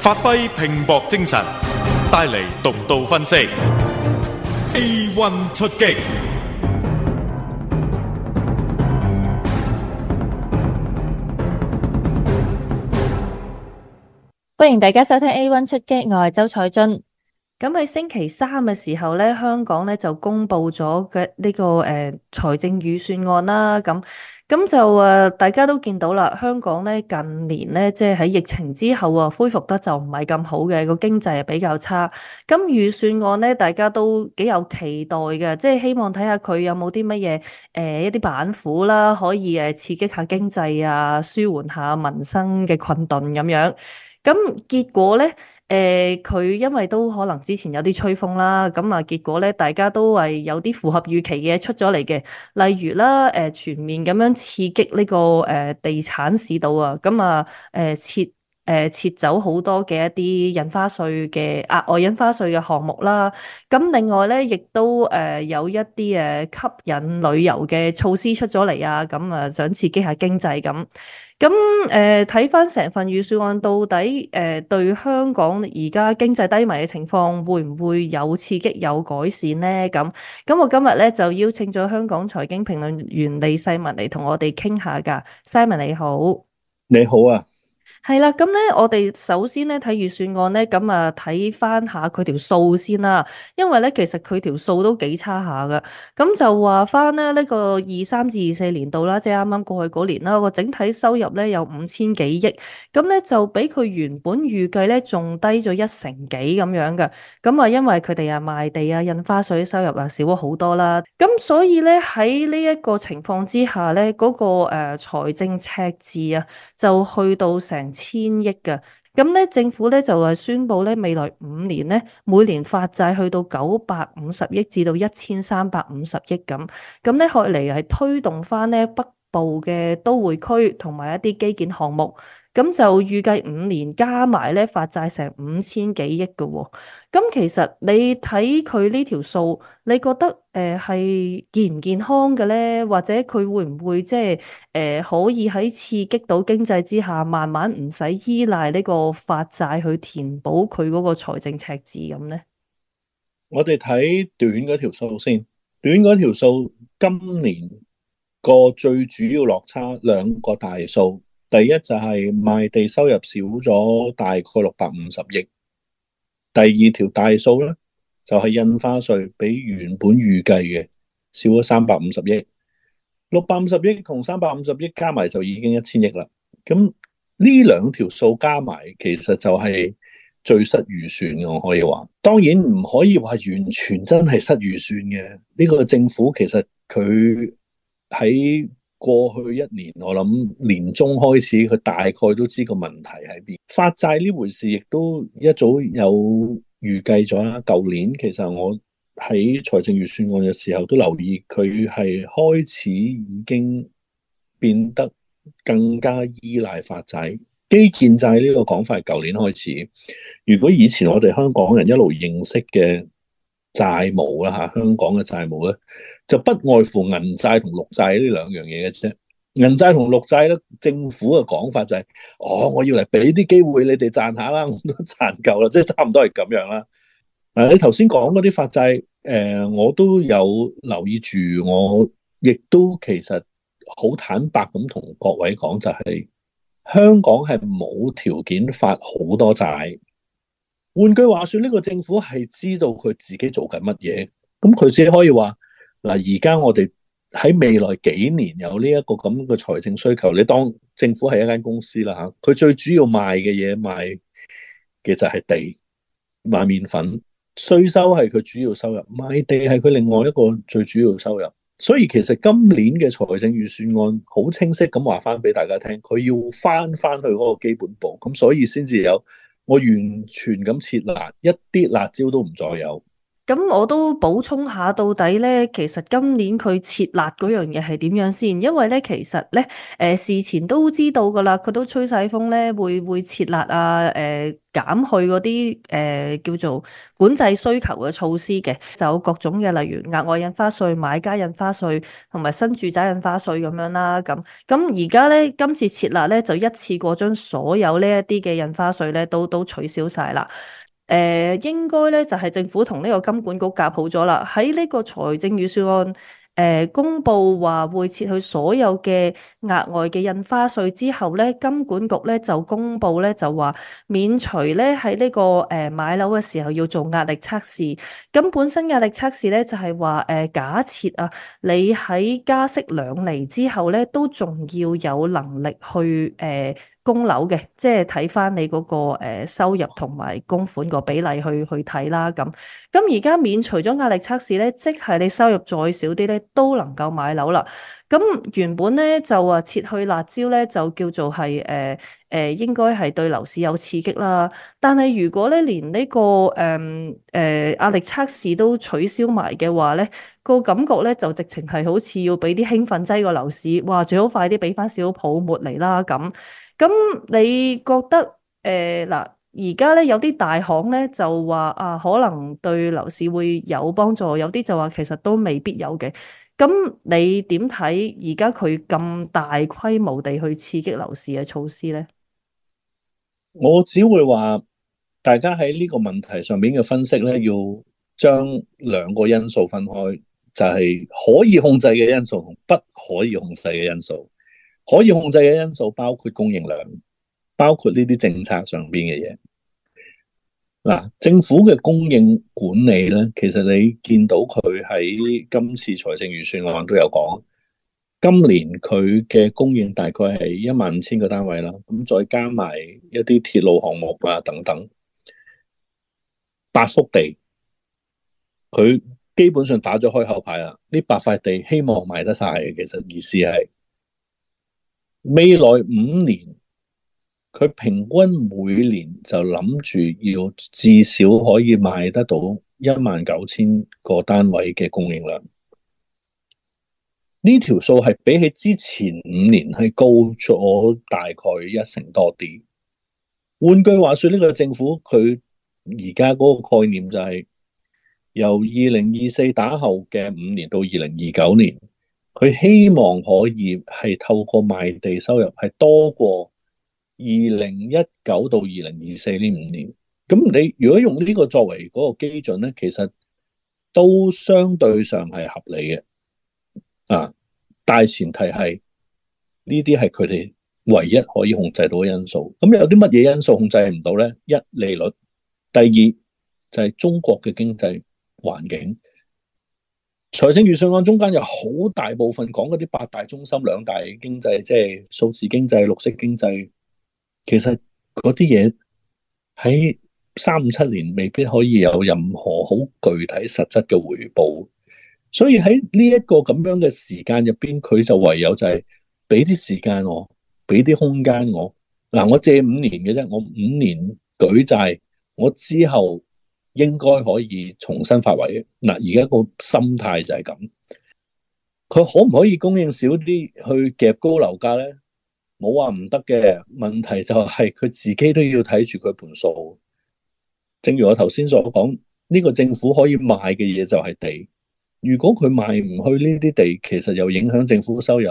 發揮拼搏精神，帶嚟獨到分析。A one 出擊，歡迎大家收聽 A one 出擊，我係周彩津。咁喺星期三嘅時候咧，香港咧就公佈咗嘅呢個誒、欸、財政預算案啦。咁咁就誒大家都見到啦，香港咧近年咧即係喺疫情之後啊，恢復得就唔係咁好嘅，個經濟係比較差。咁預算案咧，大家都幾有期待嘅，即係希望睇下佢有冇啲乜嘢誒一啲板斧啦，可以誒刺激下經濟啊，舒緩下民生嘅困頓咁樣。咁結果咧。誒佢、呃、因為都可能之前有啲吹風啦，咁啊結果咧，大家都係有啲符合預期嘅出咗嚟嘅，例如啦，誒、呃、全面咁樣刺激呢、這個誒、呃、地產市道啊，咁啊誒切。誒，撤走好多嘅一啲印花稅嘅額外印花稅嘅項目啦。咁另外咧，亦都誒有一啲誒吸引旅遊嘅措施出咗嚟啊。咁啊，想刺激下經濟咁。咁誒，睇翻成份預算案到底誒、呃、對香港而家經濟低迷嘅情況會唔會有刺激有改善咧？咁咁，我今日咧就邀請咗香港財經評論員李世文嚟同我哋傾下噶。Simon 你好，你好啊。係啦，咁咧，我哋首先咧睇預算案咧，咁啊睇翻下佢條數先啦。因為咧，其實佢條數都幾差下噶。咁就話翻咧呢個二三至二四年度啦，即係啱啱過去嗰年啦，個整體收入咧有五千幾億。咁咧就比佢原本預計咧仲低咗一成幾咁樣噶。咁啊，因為佢哋啊賣地啊印花稅收入啊少咗好多啦。咁所以咧喺呢一個情況之下咧，嗰、那個誒財政赤字啊就去到成。千億嘅，咁咧、嗯、政府咧就係、是、宣布咧，未來五年咧每年發債去到九百五十億至到一千三百五十億咁，咁咧學嚟係推動翻咧北部嘅都會區同埋一啲基建項目。咁就預計五年加埋咧發債成五千幾億嘅，咁其實你睇佢呢條數，你覺得誒係、呃、健唔健康嘅咧？或者佢會唔會即係誒可以喺刺激到經濟之下，慢慢唔使依賴呢個發債去填補佢嗰個財政赤字咁咧？我哋睇短嗰條數先，短嗰條數今年個最主要落差兩個大數。第一就係賣地收入少咗大概六百五十億，第二條大數咧就係、是、印花稅比原本預計嘅少咗三百五十億，六百五十億同三百五十億加埋就已經一千億啦。咁呢兩條數加埋其實就係最失預算嘅，我可以話。當然唔可以話完全真係失預算嘅。呢、這個政府其實佢喺過去一年，我諗年中開始，佢大概都知個問題喺邊。發債呢回事，亦都一早有預計咗啦。舊年其實我喺財政預算案嘅時候都留意，佢係開始已經變得更加依賴發債。基建債呢個講法係舊年開始。如果以前我哋香港人一路認識嘅債務啦，吓香港嘅債務咧，就不外乎銀債同綠債呢兩樣嘢嘅啫。銀債同綠債咧，政府嘅講法就係、是：，哦，我要嚟俾啲機會你哋賺下啦，我都賺夠啦，即、就、係、是、差唔多係咁樣啦。嗱，你頭先講嗰啲發債，誒、呃，我都有留意住，我亦都其實好坦白咁同各位講、就是，就係香港係冇條件發好多債。換句話說，呢、這個政府係知道佢自己做緊乜嘢，咁佢自己可以話。嗱，而家我哋喺未來幾年有呢一個咁嘅財政需求，你當政府係一間公司啦吓，佢最主要賣嘅嘢、賣嘅就係地，賣麵粉，稅收係佢主要收入，賣地係佢另外一個最主要收入，所以其實今年嘅財政預算案好清晰咁話翻俾大家聽，佢要翻翻去嗰個基本部，咁所以先至有我完全咁撤辣，一啲辣椒都唔再有。咁我都補充下，到底咧其實今年佢撤辣嗰樣嘢係點樣先？因為咧其實咧誒、呃、事前都知道噶啦，佢都吹晒風咧，會會撤辣啊誒、呃、減去嗰啲誒叫做管制需求嘅措施嘅，就有各種嘅例如額外印花稅、買家印花稅同埋新住宅印花稅咁樣啦。咁咁而家咧今次撤辣咧就一次過將所有呢一啲嘅印花稅咧都都取消晒啦。誒應該咧就係政府同呢個金管局夾好咗啦。喺呢個財政預算案誒、呃、公佈話會撤去所有嘅額外嘅印花稅之後咧，金管局咧就公佈咧就話免除咧喺呢個誒買樓嘅時候要做壓力測試。咁本身壓力測試咧就係話誒假設啊，你喺加息兩厘之後咧都仲要有能力去誒。呃供樓嘅，即係睇翻你嗰個誒收入同埋供款個比例去去睇啦。咁咁而家免除咗壓力測試咧，即係你收入再少啲咧，都能夠買樓啦。咁原本咧就話切去辣椒咧，就叫做係誒誒應該係對樓市有刺激啦。但係如果咧連呢個誒誒嗯呃壓力測試都取消埋嘅話咧，個感覺咧就直情係好似要俾啲興奮劑個樓市，哇！最好快啲俾翻少少泡沫嚟啦咁。咁你覺得誒嗱，而家咧有啲大行咧就話啊，可能對樓市會有幫助，有啲就話其實都未必有嘅。咁你點睇而家佢咁大規模地去刺激樓市嘅措施咧？我只會話大家喺呢個問題上面嘅分析咧，要將兩個因素分開，就係可以控制嘅因素同不可以控制嘅因素。可以控制嘅因素包括供應量，包括呢啲政策上邊嘅嘢。嗱，政府嘅供應管理咧，其實你見到佢喺今次財政預算案都有講，今年佢嘅供應大概係一萬五千個單位啦，咁再加埋一啲鐵路項目啊等等，八幅地，佢基本上打咗開口牌啦，呢八塊地希望賣得晒嘅，其實意思係。未來五年，佢平均每年就諗住要至少可以賣得到一萬九千個單位嘅供應量。呢條數係比起之前五年係高咗大概一成多啲。換句話說，呢、這個政府佢而家嗰個概念就係、是、由二零二四打後嘅五年到二零二九年。佢希望可以係透過賣地收入係多過二零一九到二零二四呢五年，咁你如果用呢個作為嗰個基準咧，其實都相對上係合理嘅啊，大前提係呢啲係佢哋唯一可以控制到嘅因素。咁有啲乜嘢因素控制唔到咧？一利率，第二就係中國嘅經濟環境。財政預算案中間有好大部分講嗰啲八大中心、兩大經濟，即係數字經濟、綠色經濟。其實嗰啲嘢喺三五七年未必可以有任何好具體實質嘅回報。所以喺呢一個咁樣嘅時間入邊，佢就唯有就係俾啲時間我，俾啲空間我。嗱，我借五年嘅啫，我五年舉債，我之後，應該可以重新發圍嗱，而家個心態就係咁，佢可唔可以供應少啲去夾高樓價呢？冇話唔得嘅，問題就係佢自己都要睇住佢盤數。正如我頭先所講，呢個政府可以賣嘅嘢就係地。如果佢賣唔去呢啲地，其實又影響政府嘅收入，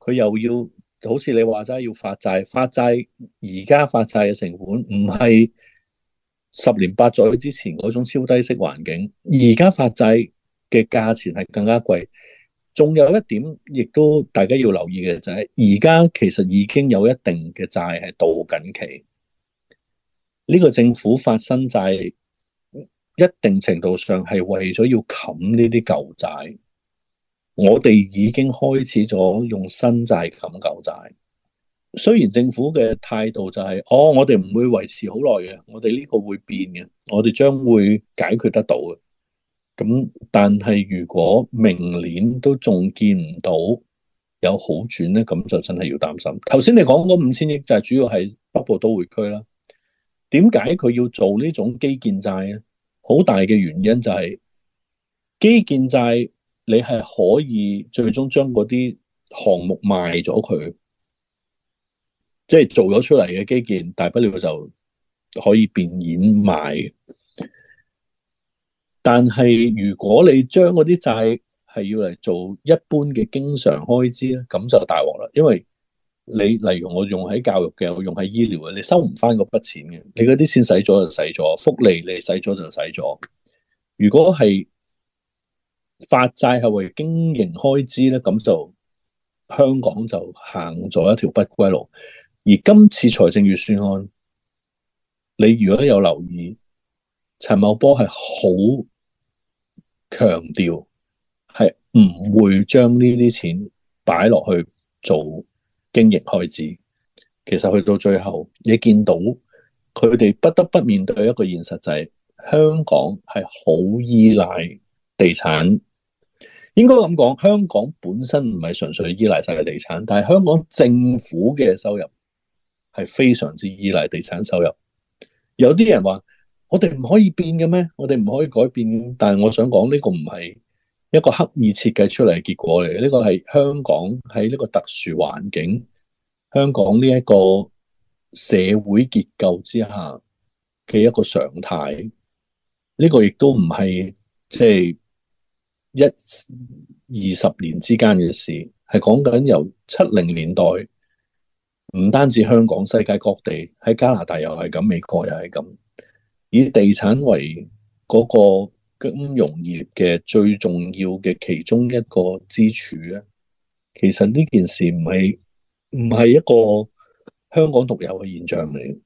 佢又要好似你話齋要發債，發債，而家發債嘅成本唔係。十年八載之前嗰種超低息環境，而家發債嘅價錢係更加貴。仲有一點，亦都大家要留意嘅就係、是，而家其實已經有一定嘅債係到緊期。呢、這個政府發新債，一定程度上係為咗要冚呢啲舊債。我哋已經開始咗用新債冚舊債。雖然政府嘅態度就係、是，哦，我哋唔會維持好耐嘅，我哋呢個會變嘅，我哋將會解決得到嘅。咁但係如果明年都仲見唔到有好轉咧，咁就真係要擔心。頭先你講嗰五千億債主要係北部都會區啦，點解佢要做呢種基建債咧？好大嘅原因就係基建債，你係可以最終將嗰啲項目賣咗佢。即係做咗出嚟嘅基建，大不了就可以變現賣。但係如果你將嗰啲債係要嚟做一般嘅經常開支咧，咁就大鑊啦。因為你例如我用喺教育嘅，我用喺醫療嘅，你收唔翻嗰筆錢嘅。你嗰啲錢使咗就使咗，福利你使咗就使咗。如果係發債係為經營開支咧，咁就香港就行咗一條不歸路。而今次財政預算案，你如果有留意，陳茂波係好強調，係唔會將呢啲錢擺落去做經營開支。其實去到最後，你見到佢哋不得不面對一個現實，就是，就係香港係好依賴地產。應該咁講，香港本身唔係純粹依賴晒地產，但係香港政府嘅收入。係非常之依賴地產收入，有啲人話我哋唔可以變嘅咩？我哋唔可以改變。但係我想講呢個唔係一個刻意設計出嚟嘅結果嚟，呢個係香港喺呢個特殊環境、香港呢一個社會結構之下嘅一個常態。呢個亦都唔係即係一二十年之間嘅事，係講緊由七零年代。唔單止香港，世界各地，喺加拿大又係咁，美國又係咁，以地產為嗰個金融業嘅最重要嘅其中一個支柱咧。其實呢件事唔係唔係一個香港獨有嘅現象嚟，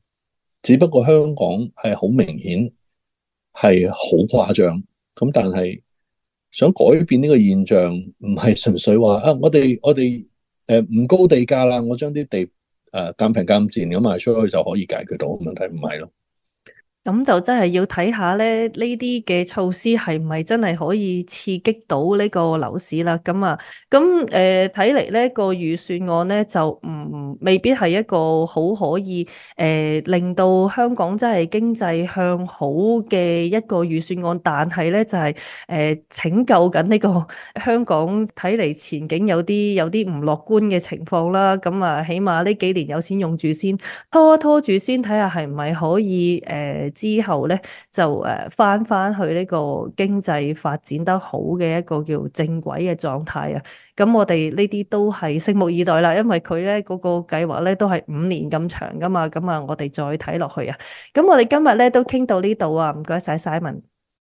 只不過香港係好明顯係好誇張。咁但係想改變呢個現象，唔係純粹話啊，我哋我哋誒唔高地價啦，我將啲地。呃減平減賤咁賣出去就可以解決到問題，唔係咯。咁就真係要睇下咧，呢啲嘅措施係咪真係可以刺激到呢個樓市啦？咁啊，咁誒睇嚟咧個預算案咧就唔未必係一個好可以誒、呃、令到香港真係經濟向好嘅一個預算案，但係咧就係、是、誒、呃、拯救緊呢個香港睇嚟前景有啲有啲唔樂觀嘅情況啦。咁啊，起碼呢幾年有錢用住先，拖拖住先，睇下係唔係可以誒。呃之後咧就誒翻翻去呢個經濟發展得好嘅一個叫正軌嘅狀態啊，咁我哋呢啲都係拭目以待啦，因為佢咧嗰個計劃咧都係五年咁長噶嘛，咁啊我哋再睇落去啊，咁我哋今日咧都傾到呢度啊，唔該晒，Simon